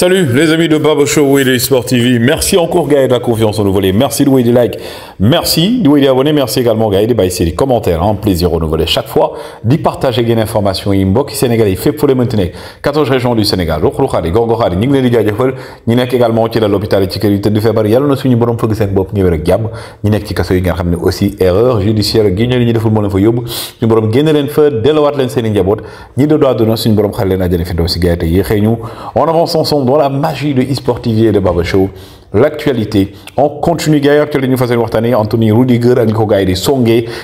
Salut les amis de Babo Show et de Sport TV. Merci encore Gaël de la confiance en nous nouveau Merci de des likes. Merci de des abonnés. Merci également Gaël de baisser les commentaires. Un hein. plaisir nous nouveau Chaque fois, d'y partager des informations. Inbox sénégalais fait pour les maintenir. 14 régions du Sénégal. Rokhroukhari, Gorgokhari, ñi ngi leen di jaajëfal ñi nekk également ci la l'hôpital ci kër du 2 février. yàlla na suñu borom fëgg seen bopp ñëwee rek jàmm ñi nekk ci kaso yi ngeen xam aussi erreur judiciaire gi ñu deful moo Nous fa yóbbu suñu borom génne leen fa delluwaat leen seen i njaboot ñi de doit donner suñu borom xale leen àjjana fi ndaw si Gaël te yéexee ñu on avance ensemble dans la magie de eSportivier et de Baba l'actualité on continue d'ailleurs que les nouvelles fas Anthony Rudiger ak ni de gars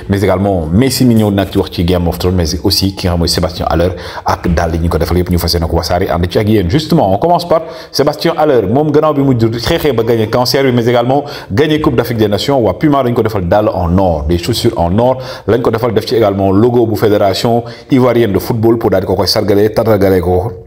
mais également Messi Mignon, ñëw nag wax ci Game of Thrones mais aussi qui nga Sébastien Haller ak Dal, li ñu ko defal yépp ñu fas yéene ko justement on commence par Sébastien Haller mon gannaaw bi mu xeexee ba gagné cancer mais également gagné Coupe d'Afrique des Nations ou pu Puma dañ ko defal daal en or des chaussures en or lañ ko defal def également logo bu fédération ivoirienne de football pour daal di ko koy sargalee ko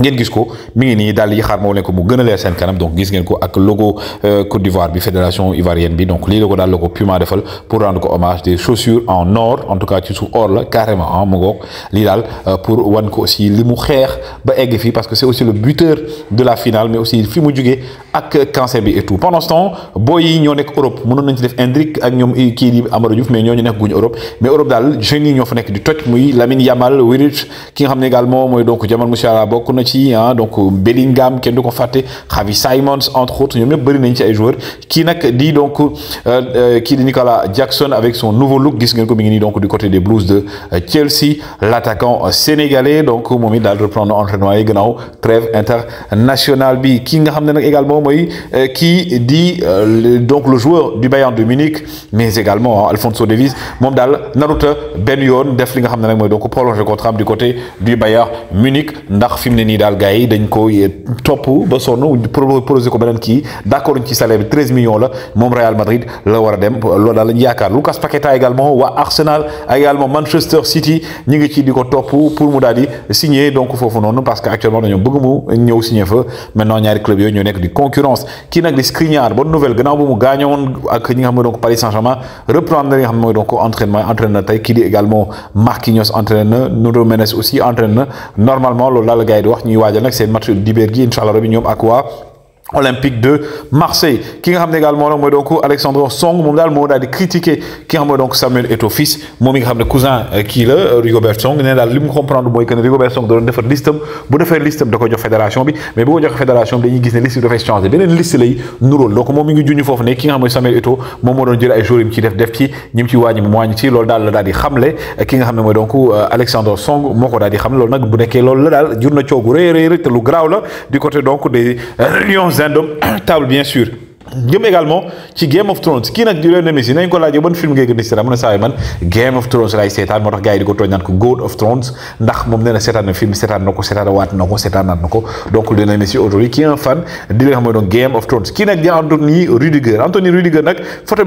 ngeen gis ko mi ngi nii daal yi xaar moo leen ko mu gën a leer seen kanam donc gis ngeen ko ak logo euh, Côte d'Ivoire bi fédération ivoirienne bi donc lii la ko daal la ko Puma defal pour rendre ko hommage des chaussures en or en tout cas ci suuf or la carrément ah mu ngoog lii daal euh, pour wan ko aussi li mu xeex ba egg fii parce que c'est aussi le buteur de la finale mais aussi fi mu jugee ak cancer bi et tout pendant ce temps boy yi ñoo nekk Europe mënoon nañ ci def Endrick ak ñoom kii di Amara Diouf mais ñooñu nekk guñu Europe mais Europe daal jeunes yi ñoo fa nekk di toj muy Lamine Yamal Wirit ki nga xam ne également mooy donc Jamal Monsieur bokk na ah, donc euh, Bellingham qui est Javi Simons entre autres il y a même ci ay joueurs qui di donc qui euh, euh, dit Nicolas Jackson avec son nouveau look disque comme ko mi donc du côté des Blues de Chelsea l'attaquant sénégalais donc au moment d'aller reprendre entraînement yi gannaaw trêve internationale bi ki également qui donc le joueur du Bayern de Munich mais également hein, Alphonso Davies moom dal naruta ben yon def li nga contrat du côté du Bayern Munich ndax fi nii daal gars yi dañ koy topp ba sonn proposé ko beneen kii d' accord ci salaire bi millions la moom Real Madrid la war dem loolu daal lañu yaakaar Lucas Paqueta également waa Arsenal également Manchester City ñi ngi ci di ko pour mu daal signer donc foofu noonu parce que actuellement dañoo bëgg mu ñëw signer fa maintenant ñaari club yooyu ñoo nekk di concurrence kii nag di Skriniar bonne nouvelle gannaaw bu mu gaañoon ak ñi nga xam ne Paris Saint-Germain reprendre li nga xam ne mooy entraînement entraîneur tey di également Marquinhos entraîneur nous Nuno aussi entraîneur. normalement loolu daal la yi wax ñuy waajal nag seen match dibéer gi incha allah rabi ñoom ak waa olympique de Marseille ki nga xam également nag mooy donc Alexandre Song moom daal moo daal di critiquer ki nga xam donc Samuel Eto'o fils moom mi nga xam cousin euh, kii le euh, Rigobert Song nee daal li mu comprendre mooy que ne Rigobert Song da doon defar listam bu defee listam da ko jox fédération bi mais bu ko jox fédération bi dañuy gis ne liste bi dafay changer beneen liste lay nuróol donc moom mi ngi junj foofu ne ki nga xam mooy Samuel Eto'o moom moo doon jël ay joueurs yi mu ciy def def ci ñi mu ci wàññi mu wàññi ci loolu daal la daal di xamle euh, ki nga xam ne donc Alexandre Song moo ko daal di xam loolu nag bu nekkee loolu la daal jur na coow gu rëy rëy rëy te lu garaaw la du côté donc des Lions un table bien sûr également qui Game of Thrones qui n'a ko bon film ngay Game of Thrones c'est un film tax di ko a God of Thrones ndax un film seetaan ko seetaan waat c'est Donc, donc aujourd'hui qui un fan de Game of Thrones Anthony Rudiger Anthony Rudiger photo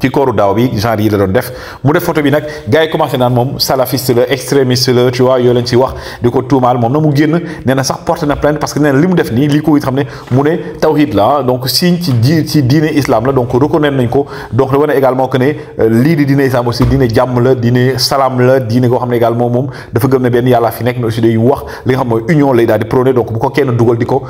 ci kooru daw bi genre yi la doon def mu def photo bi nag gars yi commencé naan moom salafiste la extrémiste la tu vois yoo leen ci wax di ko tuumaal moom na mu génn nee na sax porte na plainte parce que nee na li mu def nii li ko it xam ne mu ne tawhid la donc signe ci di ci diine islam la donc reconnaître nañ ko donc la wane également que ne euh, lii di diine islam aussi diine jàmm la diine salaam la diine koo xam ne également moom dafa gëm ne benn yàllaa fi nekk mais aussi day wax li nga xam mooy union lay daal di prôné donc bu ko kenn dugal di ko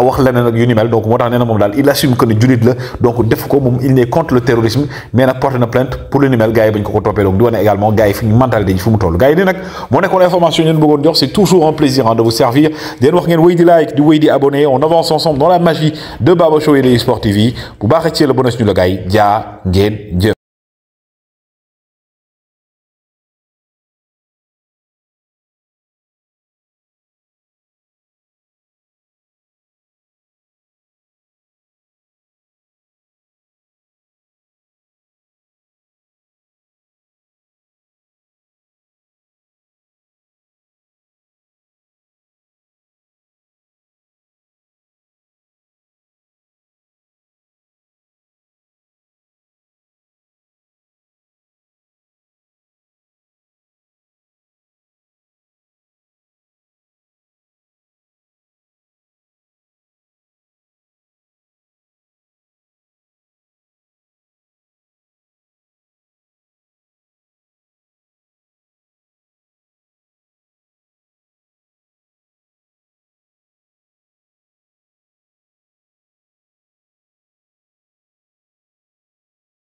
wax leneen ak yu ni mel donc moo tax nee na moom daal il assume que ne jullit la donc def ko moom il n'est contre le terrorisme mais nag porter na plainte pour le numéro gars yi bañ ko ko donc di wane également gars yi fi ñu mentalité ñi fu mu toll gars yi nak nag moo nekkoon information ñeen bëggoon jox c'est toujours un plaisir hein, de vous servir di leen wax ngeen wéy di like di wéy di abonner. on avance ensemble dans la magie de Baba Show et de eSport TV bu baax a ci la bonus ñu gars yi ngeen